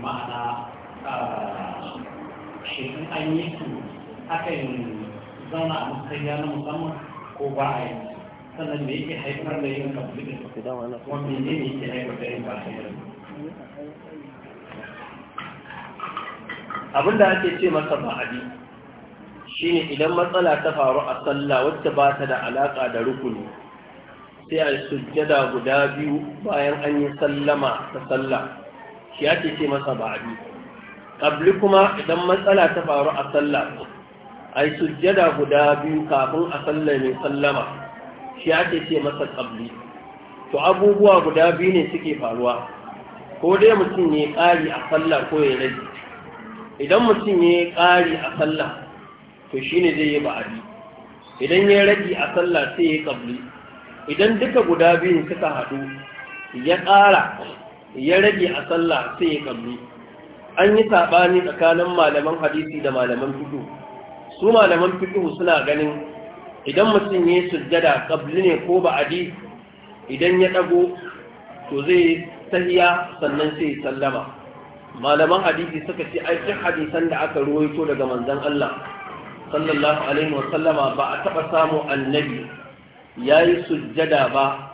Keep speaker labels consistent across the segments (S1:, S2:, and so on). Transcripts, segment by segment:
S1: ma'ana ah, shekin an yi su akan zauna a matsayya na musamman ko ba a yi sannan da yake haifar da yin kabilin Wani ne ne ke haifar da yin ba a
S2: Abin da ake ce masa ba'adi shine idan matsala ta faru a sallah wacce ba ta da alaƙa da rukuni sai a sujjada guda biyu bayan an yi sallama ta sallah shi ake ce masa abi Ƙabli kuma idan matsala ta faru a sallah ai sujjada guda biyu kafin a sallah mai sallama shi ya ce masa ƙabli. to abubuwa guda biyu ne suke faruwa ko dai mutum ya ƙari a sallah ko ya rage idan mutum ya ƙari a sallah to shi ne zai yi abi idan ya rage a sallah sai ya ƙabli. idan duka guda biyun suka haɗu ya ƙara ya rage a sallah sai ya kalli an yi saɓani tsakanin malaman hadisi da malaman fiƙo su malaman fiƙo suna ganin idan mutum ya yi sujjada ƙabli ne ko ba'adi idan ya ɗago to zai tahiya sannan sai sallama malaman hadisi suka ce aikin hadisan da aka ruwaito daga manzan Allah sallallahu alaihi wa ba a taɓa samu annabi Ya yi sujjada ba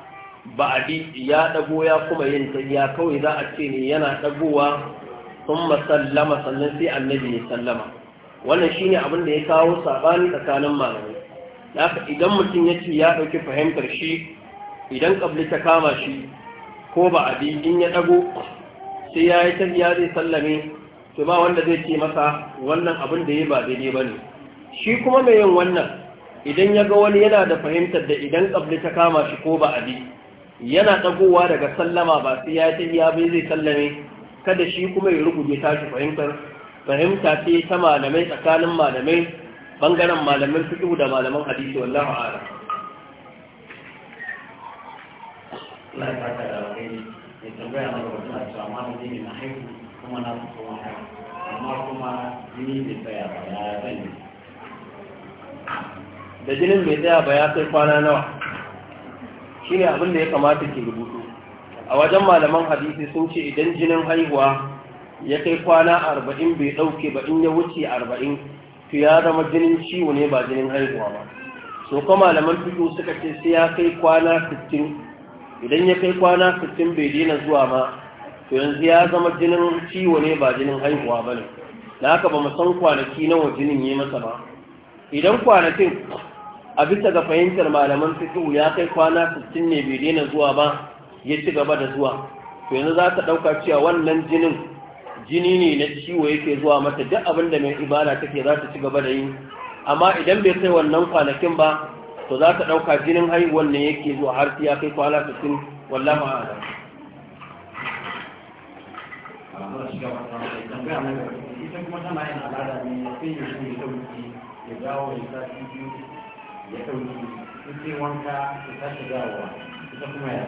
S2: Ba a bi ya ɗago ya kuma yin tahiya kawai za a ce ne yana ɗagowa sun masallama sannan sai annabi ya sallama wannan shine abin da ya kawo saɓani tsakanin malamai haka idan mutum ya ce ya ɗauki fahimtar shi idan ƙabli ta kama shi ko ba a bi in ya dago sai ya yi tafiya zai sallame to ba wanda zai ce masa wannan abin da ya ba daidai ba ne shi kuma mai yin wannan idan ya ga wani yana da fahimtar da idan ƙabli ta kama shi ko ba a bi. yana ɗagowa daga sallama ba sai ya ce ya bai zai sallame kada shi kuma ya rubuce tashi fahimtar fahimta ce ta malamai tsakanin malamai bangaren malamin fiqh da malaman hadisi wallahu a'lam
S1: Allah da na haihu kuma na amma kuma ba da jinin
S2: mai tsaya ba ya sai kwana nawa shine abin da ya kamata ke rubutu a wajen malaman hadisi sun ce idan jinin haihuwa ya kai kwana arba'in bai ɗauke ba in ya wuce arba'in to ya zama jinin ciwo ne ba jinin haihuwa ba so kuma malaman fito suka ce sai ya kai kwana sittin idan ya kai kwana sittin bai daina zuwa ma to yanzu ya zama jinin ciwo ne ba jinin haihuwa ba ne da haka ba mu san kwanaki nawa jinin ya masa ba idan kwanakin a bisa ga fahimtar malaman fiqh ya kai kwana 60 ne bai daina zuwa ba ya ci gaba da zuwa to yanzu za ta dauka cewa wannan jinin jini ne na ciwo yake zuwa mata duk abin da mai ibada take za ta ci gaba da yi amma idan bai sai wannan kwanakin ba to za ta dauka jinin haihuwan ne yake zuwa har sai ya kai kwana 60 wallahi a'lam
S1: ita kuma tana yin al'ada ne sai ya shi ya ya dawo ya sa ya ɗauki in wanka ya tashi ita kuma ya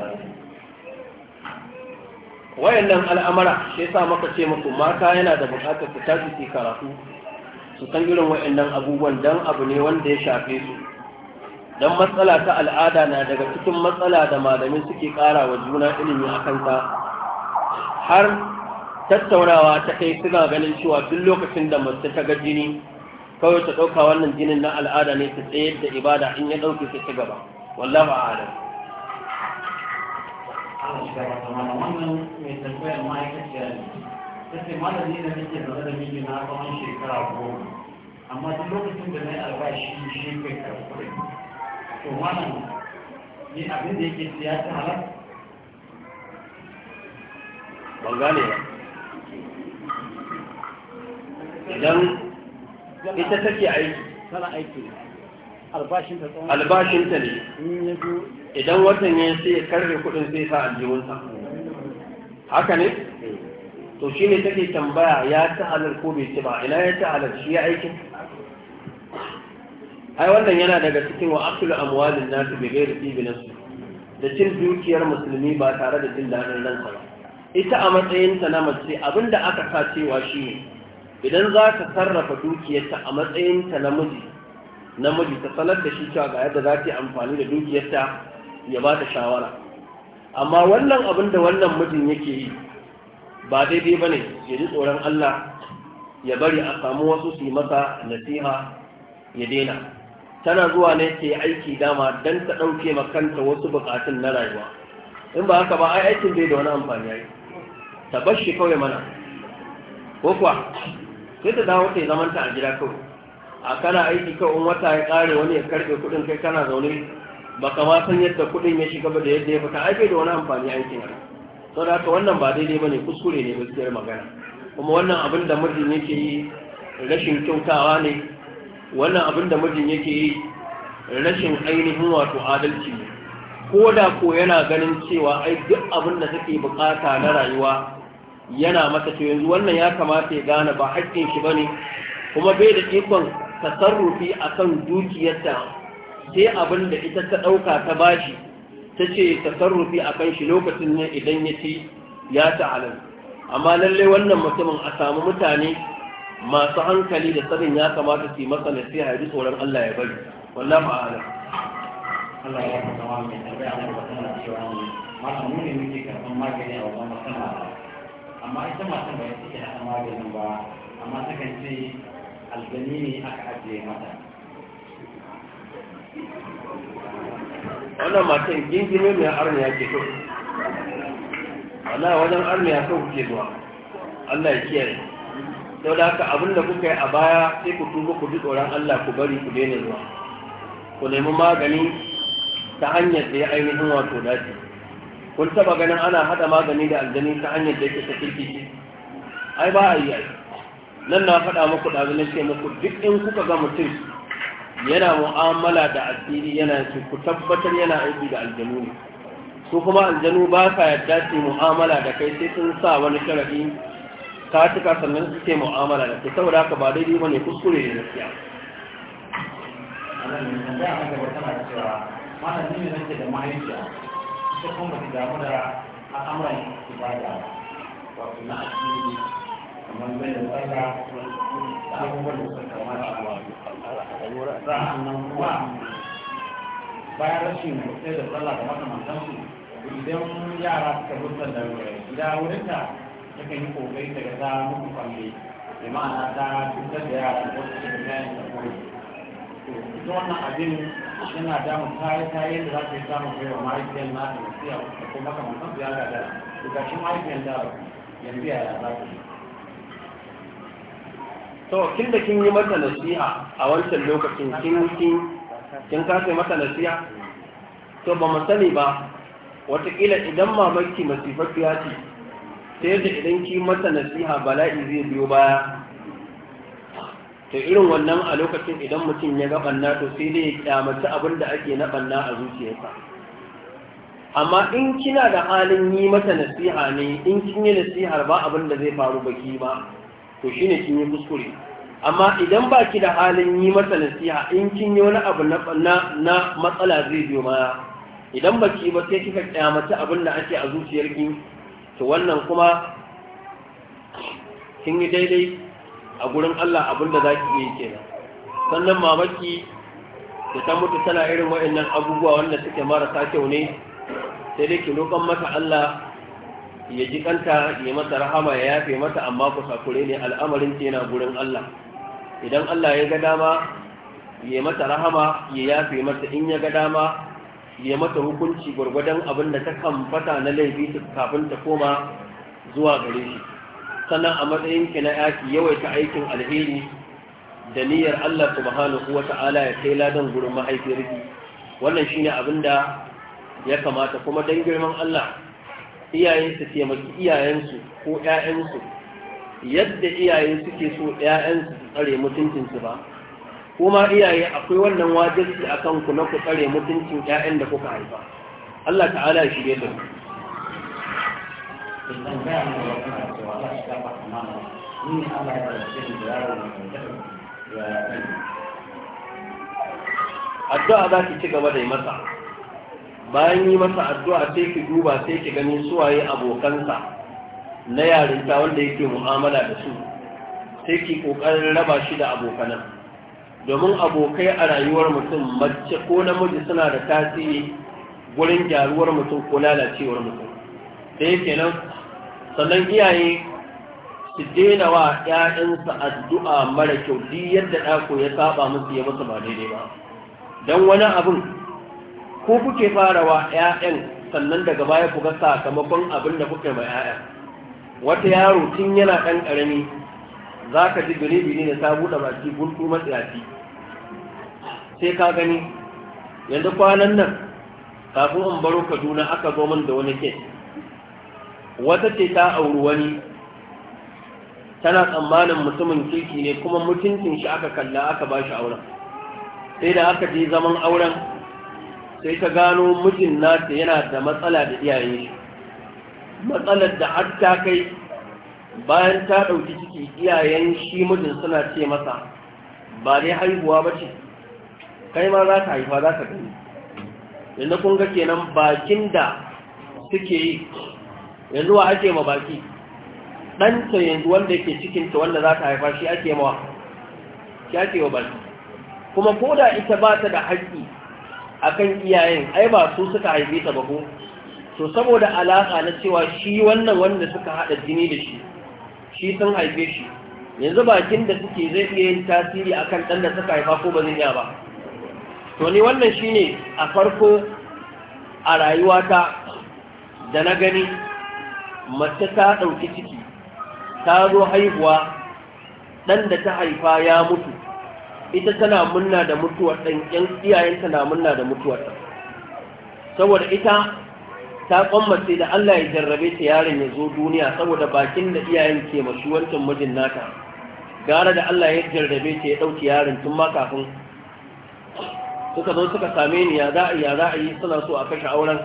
S2: wayannan al'amara shi yasa maka ce muku mata yana da buƙatar su tashi su karatu su san irin wayannan abubuwan dan abu ne wanda ya shafe su Don matsala ta al'ada na daga cikin matsala da malamin suke ƙara wa juna ilimi a kanta har tattaunawa ta kai suna ganin cewa duk lokacin da mace ta ga jini kawai ta ɗauka wannan jinin na al'ada ne ta tsayar da ibada in ya ɗauke ta ci gaba wallahu a'lam
S1: wannan mai tambayar ma'aikaciya ne ta ce malami da nake zaune da miji na tsawon shekara goma amma duk lokacin da na yi albashi shi kai karkure to malam ne abin da yake siya ta halar ban gane idan ita take aiki tana aiki albashinta tsawon albashinta ne idan
S2: watan ya sai ya karbe kudin sai sa aljihunsa haka ne to shi ne take tambaya ya ta halar ko bai ci ba ina ya ta halar shi ya aikin ai wannan yana daga cikin wa akulu amwalin nasu bai gaira tibi nasu da cin dukiyar musulmi ba tare da jin daɗin ransa ba ita a matsayinta na mace abinda aka sa cewa shi ne idan za ta sarrafa dukiyarta a matsayinta namiji namiji ta sanar da shi cewa ga yadda za ta yi amfani da dukiyarta ya ba ta shawara amma wannan abin da wannan mijin yake yi ba daidai ba ne ya ji tsoron Allah ya bari a samu wasu su yi masa nasiha ya daina tana zuwa ne ta aiki dama don ta ɗauke makanta wasu buƙatun na rayuwa in ba haka ba ai aikin bai da wani amfani ya yi ta bar shi kawai mana ko kuwa sai ta dawo ta zaman ta a gida kawai a kana aiki kawai wata ya kare wani ya karbe kudin kai kana zaune ka ma san yadda kudin ya shiga ba da yadda ya fita ai da wani amfani aikin ai sau da haka wannan ba daidai ba ne kuskure ne gaskiyar magana kuma wannan abin da mijin yake yi rashin kyautawa ne wannan abin da mijin yake yi rashin ainihin wato adalci ne ko da ko yana ganin cewa ai duk abin da take bukata na rayuwa yana masa yanzu wannan ya kamata ya gane ba haƙƙin shi bane kuma bai da ikon tasarrufi akan dukiyarta sai abin da ita ta ɗauka ta bashi ta ce tasarrufi akan shi lokacin ne idan ya ci ya ta'alan amma lalle wannan mutumin a samu mutane masu hankali da sabin ya kamata su yi masa nasiha ji tsoron Allah ya bari wallahi ba
S1: Allah ya faɗa wa mai tambaya na ba tana cewa ma mu ne muke karɓan magani a wannan matsala amma ita matan ba ta ke haɗa maganin ba amma ta kan ce aljani ne aka ajiye mata
S2: wannan matan gingime mai ya ke so
S3: wala wajen ya
S2: sau ke zuwa Allah ya kiyaye sau da haka abin da kuka yi a baya sai ku tuba ku ji tsoron Allah ku bari ku daina zuwa ku nemi magani ta hanyar da ya ainihin wato dace kun taba ganin ana hada magani da aljani ta hanyar da yake ta kiki ai ba a yi nan na faɗa muku da na ce muku duk in kuka ga mutum yana mu'amala da addini yana ce ku tabbatar yana aiki da aljanu ne su kuma aljanu ba ka yadda su mu'amala da kai sai sun sa wani sharafi ka cika sannan suke mu'amala da kai saboda haka ba daidai ba ne kuskure ne gaskiya
S1: Allah ne da mahaifiya ita kuma su damu da al'amuran ibada wato na addini kamar zai da tsaka da abubuwan da suka kamata a sa'annan kuma bayan rashin sai da tsalla da makamantansu idan yara suka rusa da gida wurinta suka yi kokari daga ta muku kwalle da ma'ana ta cutar da yara da wasu da kayan da kuma ita wannan abin yana damun kayan kayan da za ta yi samun kai wa mahaifiyar na ta wasiya ko makamantan su ya gagara to gashi mahaifiyar da yanzu ya za ta yi to kin da
S2: kin yi mata nasiha a wancan lokacin kin kin kin kasa mata nasiha to ba mu sani ba watakila idan mamaki masifafiya ce sai da idan ki mata nasiha bala'i zai biyo baya to irin wannan a lokacin idan mutum ya ga banna to sai dai ya kyamaci abin da ake na banna a zuciyarsa amma in kina da halin yi mata nasiha ne in kin yi nasihar ba abin da zai faru baki ba to shine kin yi kuskure amma idan ba ki da halin yi mata nasiha in kin yi wani abu na matsala zai biyo ma idan ba ki ba sai kika kyamata abin da ake a zuciyarki to wannan kuma kin yi daidai a gurin Allah abinda za ki yi kenan sannan mamaki da ta mutu tana irin waɗannan abubuwa wanda suke marasa kyau ne sai dai ki roƙon mata Allah ya ji kanta ya mata rahama ya yafe mata amma ku sakure ne al'amarin ke na gurin Allah idan Allah ya ga dama ya mata rahama ya yafe mata in ya ga dama ya mata hukunci gwargwadon abin da ta fata na laifi kafin ta koma zuwa gare shi sannan a matsayin ki na yaki yawaita aikin alheri da niyyar Allah subhanahu ta'ala ya kai ladan gurin mahaifiyarki wannan shine abin da ya kamata kuma dan girman Allah maki taimaki su ko su yadda iyaye suke so ƴaƴan su tsare mutuncin su ba kuma iyaye akwai wannan wajibi akan ku na ku tsare mutuncin ƴaƴan da kuka haifa Allah ta'ala shi ya dace addu'a za ki ci gaba da masa bayan yi masa addu'a sai ki duba sai ki gani suwaye abokansa na yarinta wanda yake mu'amala da su sai ki kokarin raba shi da abokanan domin abokai a rayuwar mutum mace ko namiji suna da tasiri wurin gyaruwar mutum ko lalacewar mutum da yake nan sannan iyaye su daina wa ‘ya'yansa addu'a mara kyau di yadda ɗako ya saba musu ya musu ba daidai ba don wani abin ko kuke wa ‘ya'yan sannan daga baya ku ga sakamakon abin da kuke mai ‘ya'ya wata yaro tun yana ɗan ƙarami za ka ji gani da ne ta buɗe baki guntu matsayafi sai ka gani yanzu kwanan nan kafin in baro kaduna aka zo min da wani kes wata ce ta auri wani tana tsammanin mutumin kirki ne kuma mutuncin shi aka kalla aka ba shi auren sai da aka je zaman auren sai ta gano mijin yana da matsala da iyayen shi matsalar da har ta kai bayan ta ɗauki ciki iyayen shi mijin suna ce masa ba dai haihuwa ba ce kai ma za ka haifa za ka gani yanzu kun ga kenan bakin da suke yi yanzu wa ake ma baki ɗanta yanzu wanda yake cikinta wanda za ta haifa shi ake mawa shi ake wa baki kuma ko da ita ba ta da haƙƙi a kan iyayen ai ba su suka haife ta ba ko to saboda alaƙa na cewa shi wannan wanda suka haɗa jini da shi shi sun haife shi yanzu bakin da suke zai iya yin tasiri a kan ɗan da suka haifa ko ba zai iya ba to ni wannan shine a farko a rayuwata da na gani mace ta ɗauki ciki ta zo haihuwa ɗan da ta haifa ya mutu ita tana munna da mutuwar ɗan ƴan iyayenta na munna da mutuwar ɗan saboda ita ta kwammace da Allah ya jarrabe ta yaron ya zo duniya saboda bakin da iyayen ke masu wancan mijin nata gara da Allah ya jarrabe ta ya ɗauki yaron tun ma kafin suka zo suka same ni za a yi ya za a yi suna so a kashe auren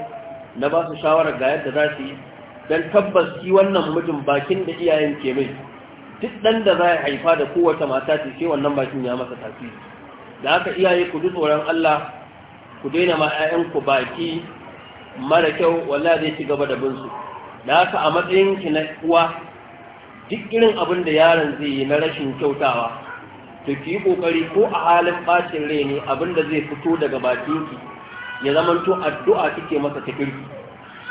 S2: na ba su shawarar ga yadda za su yi dan tabbas shi wannan mutum bakin da iyayen ke mai duk dan da za a haifa da kowace mata ce wannan bakin ya masa tasiri da haka iyaye ku ji tsoron Allah ku daina ma ku baki mara kyau wallahi zai ci gaba da bin su da haka a matsayin ki na uwa duk irin abin da yaron zai yi na rashin kyautawa to ki kokari ko a halin bacin rai ne abin da zai fito daga bakin ki ya zamanto addu'a kike masa ta kirki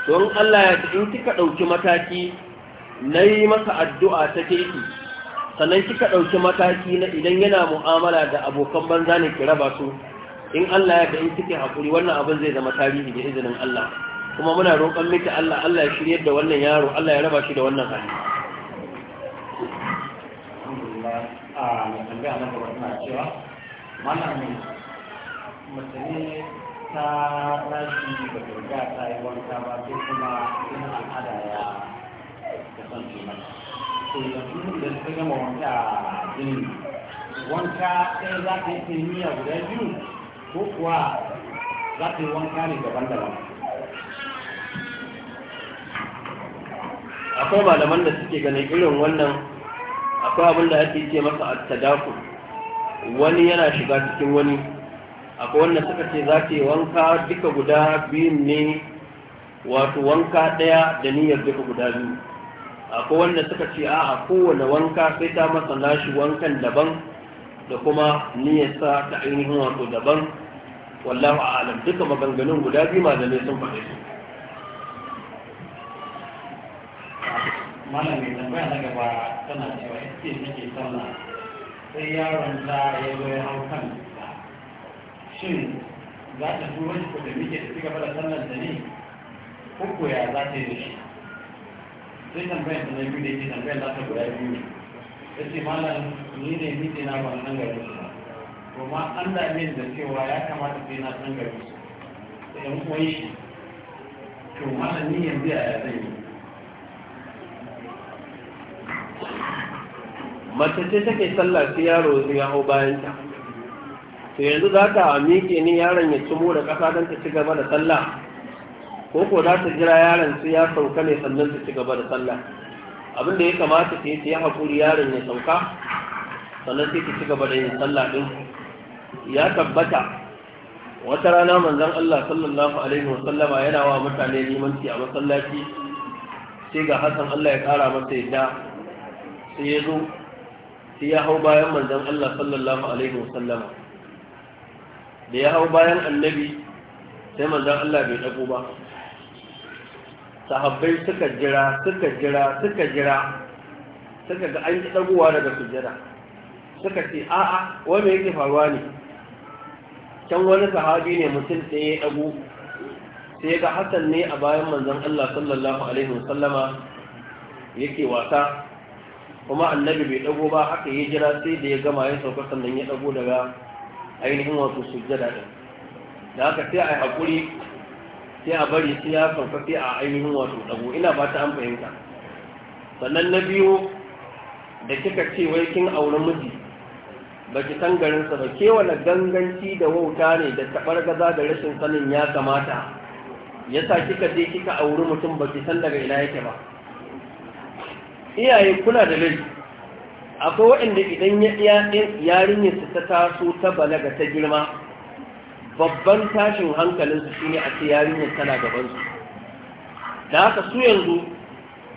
S2: don Allah ya in kika ɗauki mataki na yi masa addu'a ta keki sannan kika ɗauki mataki na idan yana mu'amala da abokan banza ne ki raba su in Allah ya ga in kike haƙuri wannan abin zai zama tarihi da izinin Allah kuma muna roƙon miki Allah Allah ya shirya da wannan yaro Allah ya raba shi da wannan hali
S1: a ah, mai tambaya na gaba cewa malamin mutane ta rashi da riga ta yi wanka ba sai kuma ina al'ada ya kasance mata to yanzu da ta gama wanka jini wanka sai za ta yi miya guda biyu ko kuwa za ta yi wanka ne daban-daban
S2: akwai malaman da suke ganin irin wannan akwai abin da ake ce masa at wani yana shiga cikin wani akwai wanda suka ce za ta yi wanka duka guda biyun ne wato wanka ɗaya da niyyar duka guda biyu akwai wanda suka ce a a kowane wanka sai ta masa nashi wankan daban da kuma niyyarsa ta ainihin wato daban wallahu alam duka maganganun guda biyu malamai sun faɗe su
S1: malam mai tambaya na gaba tana cewa ita nake sauna sai yaron ta ya zo ya hau kan shin za ta turo shi ko da muke da cigaba da sallar da ne ko koya za ta yi da shi sai tambayar ta na biyu da yake tambayar za ta guda biyu ne ya ce malam ni ne miji na ban nan gari su kuma an dame da cewa ya kamata sai na san gari su da yan uwan shi to malam ni yanzu ya zan yi
S2: mace ce take sallar sai yaro sai ya hau bayan ta to yanzu za ta miƙe ni yaron ya cimo da ƙasa don ta ci gaba da sallah ko ko za ta jira yaron su ya sauka ne sannan ta ci gaba da sallah abin da ya kamata ce yi ta yi haƙuri yaron ya sauka sannan sai ta ci gaba da yin sallah ɗin ya tabbata wata rana manzon Allah sallallahu alaihi wa sallama yana wa mutane limanci a masallaci sai ga Hassan Allah ya kara masa yadda sai ya zo sai ya hau bayan manzon Allah sallallahu alaihi wa sallama da ya hau bayan annabi sai manzan Allah bai dago ba sahabbai suka jira suka jira suka jira suka ga an dagowa daga sujada suka ce a'a wani yake faruwa ne can wani sahabi ne mutum ɗaya ya dago sai ga hasan ne a bayan manzan Allah sallallahu alaihi wasallama yake wasa kuma annabi bai dago ba haka ya jira sai da ya gama ya sauka sannan ya dago daga ainihin wasu sujjada ɗin da haka sai a haƙuri sai a bari sai ya sauka a ainihin wato, ɗago ina ba ta an sannan na biyu da kika ce wai kin aure miji ba ki san garinsa ba kewane ganganci da wauta ne da taɓar gaza da rashin sanin ya kamata ya sa kika je kika auri mutum ba ki san daga ina yake ba iyaye kuna da laifi akwai waɗanda idan yarinyarsu ta taso ta balaga ta girma babban tashin hankalinsu shi ne a ce yarinyar tana gabansu da haka su yanzu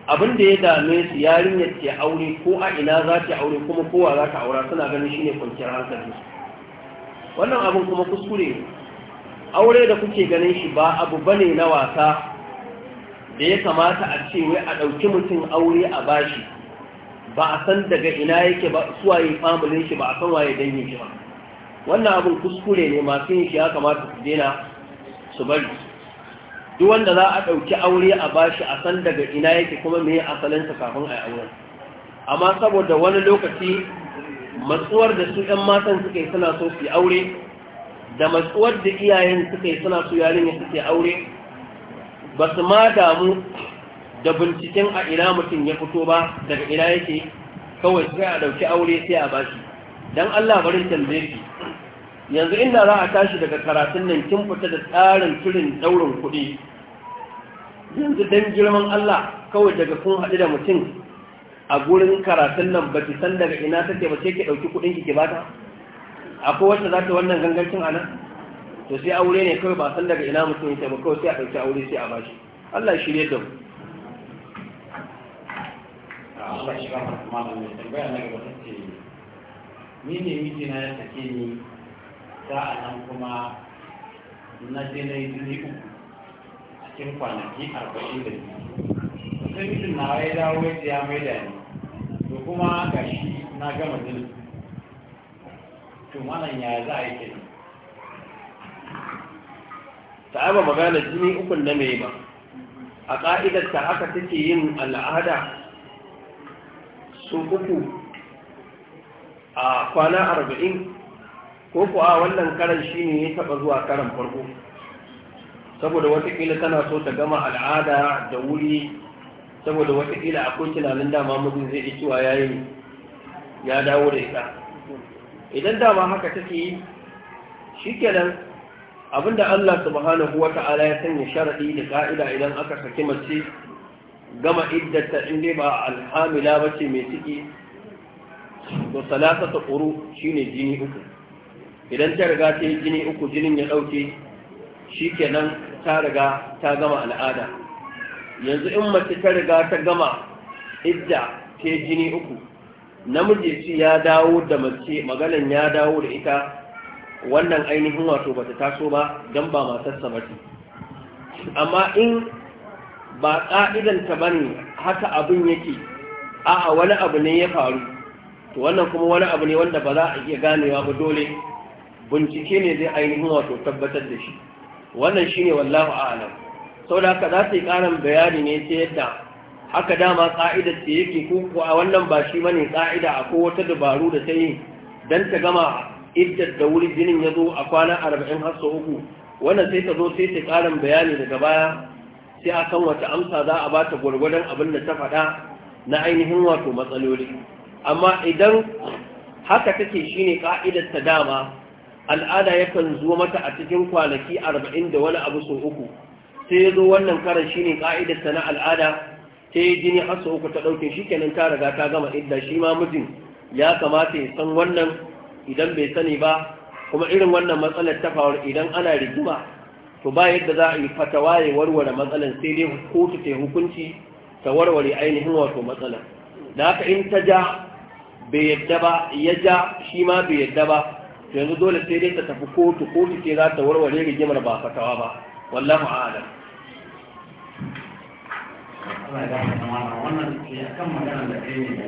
S2: abinda ya dame su yarinyar ke aure ko a ina za ta aure kuma kowa za ta aura suna ganin shi ne kwanciyar hankalinsu wannan abin kuma kuskure aure da kuke ganin shi ba abu bane na wasa da ya kamata a ce wai a ɗauki mutum aure a bashi ba a san daga ina yake ba waye famulin shi ba a san waye dangin shi ba wannan abin kuskure ne masu yin shi ya kamata su daina su bari duk wanda za a ɗauki aure a bashi a san daga ina yake kuma me asalinsa kafin a yi auren amma saboda wani lokaci matsuwar da su ƴan matan suka yi suna so su yi aure da matsuwar da iyayen suka suna so yarinya suke aure ba su ma damu da binciken a ina mutum ya fito ba daga ina yake kawai sai a ɗauki aure sai a bashi don Allah barin tambayarki yanzu inda za a tashi daga karatun nan kin fita da tsarin turin daurin kuɗi yanzu don girman Allah kawai daga kun haɗu da mutum a gurin karatun nan ba ki san daga ina take ba sai ki ɗauki kuɗin ki ki bata akwai wacce za ta wannan gangancin a nan to sai aure ne kawai ba san daga ina mutum yake ba kawai sai a ɗauki aure sai a bashi Allah shirye da mu
S1: gafar malam mai tambaya na gaba ni ne ya sake ni kuma na je na yi jini uku cikin kwanaki arba'in da biyu sai mijin na ya dawo ya ya maida ni to kuma ga shi na gama jini to malam ya za a yi kenan
S2: ta'aba magana jini ukun na mai ba a ƙa'idar ta haka take yin al'ada sun uku a kwana arba'in ko kuwa wannan karan shi ne ya taɓa zuwa karan farko saboda watakila tana so ta gama al'ada da wuri saboda watakila akwai tunanin dama mutum zai yi cewa yayin ya dawo da ita idan dama haka take yi shi kenan abinda Allah subhanahu wa ta'ala ya sanya sharaɗi da ka'ida idan aka saki mace gama iddata in ba alhamila ba ce mai ciki to salata ta ƙuru shi ne jini uku idan ta riga ta jini uku jinin ya ɗauke shi kenan ta riga ta gama al'ada yanzu in mace ta riga ta gama idda ta jini uku namiji shi ya dawo da mace maganan ya dawo da ita wannan ainihin wato bata taso ba don ba matarsa ba amma in ba ƙa'idanta ba ne haka abin yake a wani abu ne ya faru to wannan kuma wani abu ne wanda ba za a iya ganewa ba dole bincike ne zai ainihin wato tabbatar da shi wannan shine wallahu a'lam sau da za ta yi ƙarin bayani ne ta yadda haka dama ƙa'idar ta yake ko a wannan ba shi bane ƙa'ida a ko wata dabaru da ta yi don ta gama iddar da wuri jinin ya zo a kwana arba'in har sau uku wannan sai ta zo sai ta ƙarin bayani daga baya sai a kan wata amsa za a ba ta gwargwadon abin da ta faɗa na ainihin wato matsaloli amma idan haka take shine ka'idar ta dama al'ada yakan zo mata a cikin kwanaki arba'in da wani abu sau uku sai ya zo wannan karan shine ka'idar ta na al'ada ta yi jini har sau uku ta ɗauke shi kenan ta riga ta gama idda shi ma mijin ya kamata ya san wannan idan bai sani ba kuma irin wannan matsalar ta faru idan ana rigima to ba yadda za a yi fatawa ya warware matsalan sai dai kotu ta hukunci ta warware ainihin wato matsalan da haka in ta ja bai yadda ba ya ja shi ma bai yadda ba to yanzu dole sai dai ta tafi kotu kotu ce za ta warware rigimar ba fatawa ba
S1: wallahu a'lam wannan akan magana da kai ne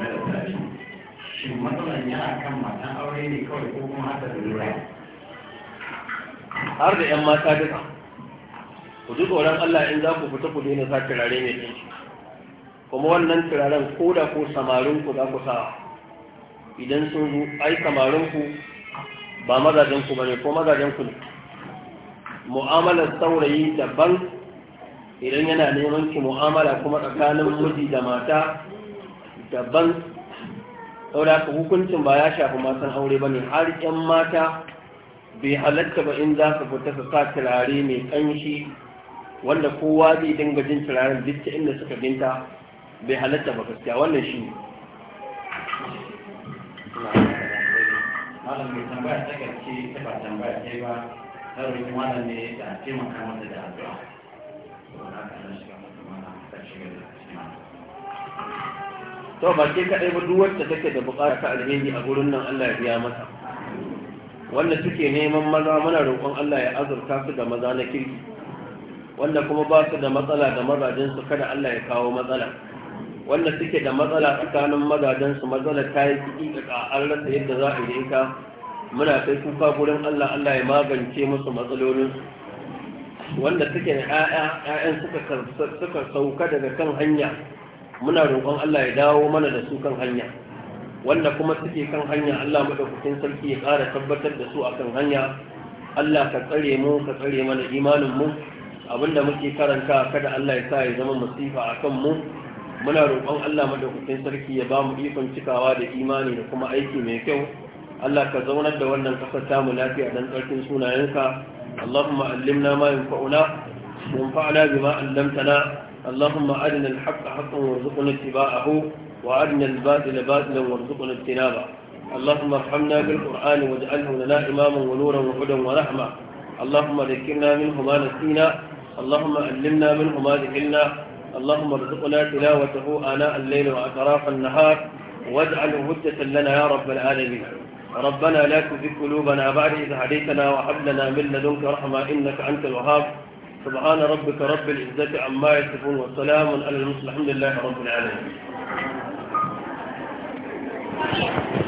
S1: shi aure ne kawai ko kuma haka da
S2: har da 'yan mata duka ku ji tsoron Allah in za ku fita ku daina sa turare mai ɗin kuma wannan turaren ko da ko samarin ku za ku sa idan sun zo ai samarin ku ba mazajen ku bane ko mazajen ku ne mu'amalar saurayi daban idan yana neman ki mu'amala kuma tsakanin miji da mata daban saboda hukuncin ba ya shafi matan aure bane har 'yan mata bai halatta ba in za su fita su sa turare mai ƙanshi wanda kowa zai dinga jin turaren duk ta inda suka ginta bai halatta ba gaskiya wannan shi ne
S1: malam mai tambaya ta gaske ta ba tambaya ta ba ta rubu malam ne da taimaka mata da addu'a saboda haka na shiga mata malam ta shiga da
S2: to ba ke kaɗai ba duk wacce take da buƙatar alheri a gurin nan Allah ya biya mata wanda suke neman maza muna roƙon Allah ya azurta su da maza na kirki wanda kuma ba su da matsala da mazajensu kada Allah ya kawo matsala wanda suke da matsala tsakanin mazajensu matsala ta yi kiɗi a an rasa yadda za a yi ita muna kai kuka gurin Allah Allah ya magance musu matsalolin wanda suke da ƴaƴan suka suka sauka daga kan hanya muna roƙon Allah ya dawo mana da su kan hanya wanda kuma suke kan hanya Allah madaukakin sarki ya ƙara tabbatar da su akan hanya Allah ka tsare mu ka tsare mana imanin mu abinda muke karanta kada Allah ya sa ya zama masifa a kanmu muna roƙon Allah madaukakin sarki ya ba mu ikon cikawa da imani da kuma aiki mai kyau Allah ka zaunar da wannan ƙasar mu lafiya dan tsarkin sunayenka Allahumma allimna ma yanfa'una wanfa'na bima 'allamtana Allahumma arina al-haqqa haqqan warzuqna ittiba'ahu wa arina al-batila batilan warzuqna ijtinaba اللهم ارحمنا بالقرآن واجعله لنا إماما ونورا وهدى ورحمة اللهم ذكرنا منه ما نسينا اللهم علمنا منه ما ذكرنا اللهم ارزقنا تلاوته آناء الليل وأطراف النهار واجعله هدة لنا يا رب العالمين ربنا لا تزغ قلوبنا بعد إذ هديتنا وهب لنا من لدنك رحمة إنك أنت الوهاب سبحان ربك رب العزة عما يصفون وسلام على المرسلين الحمد لله رب
S3: العالمين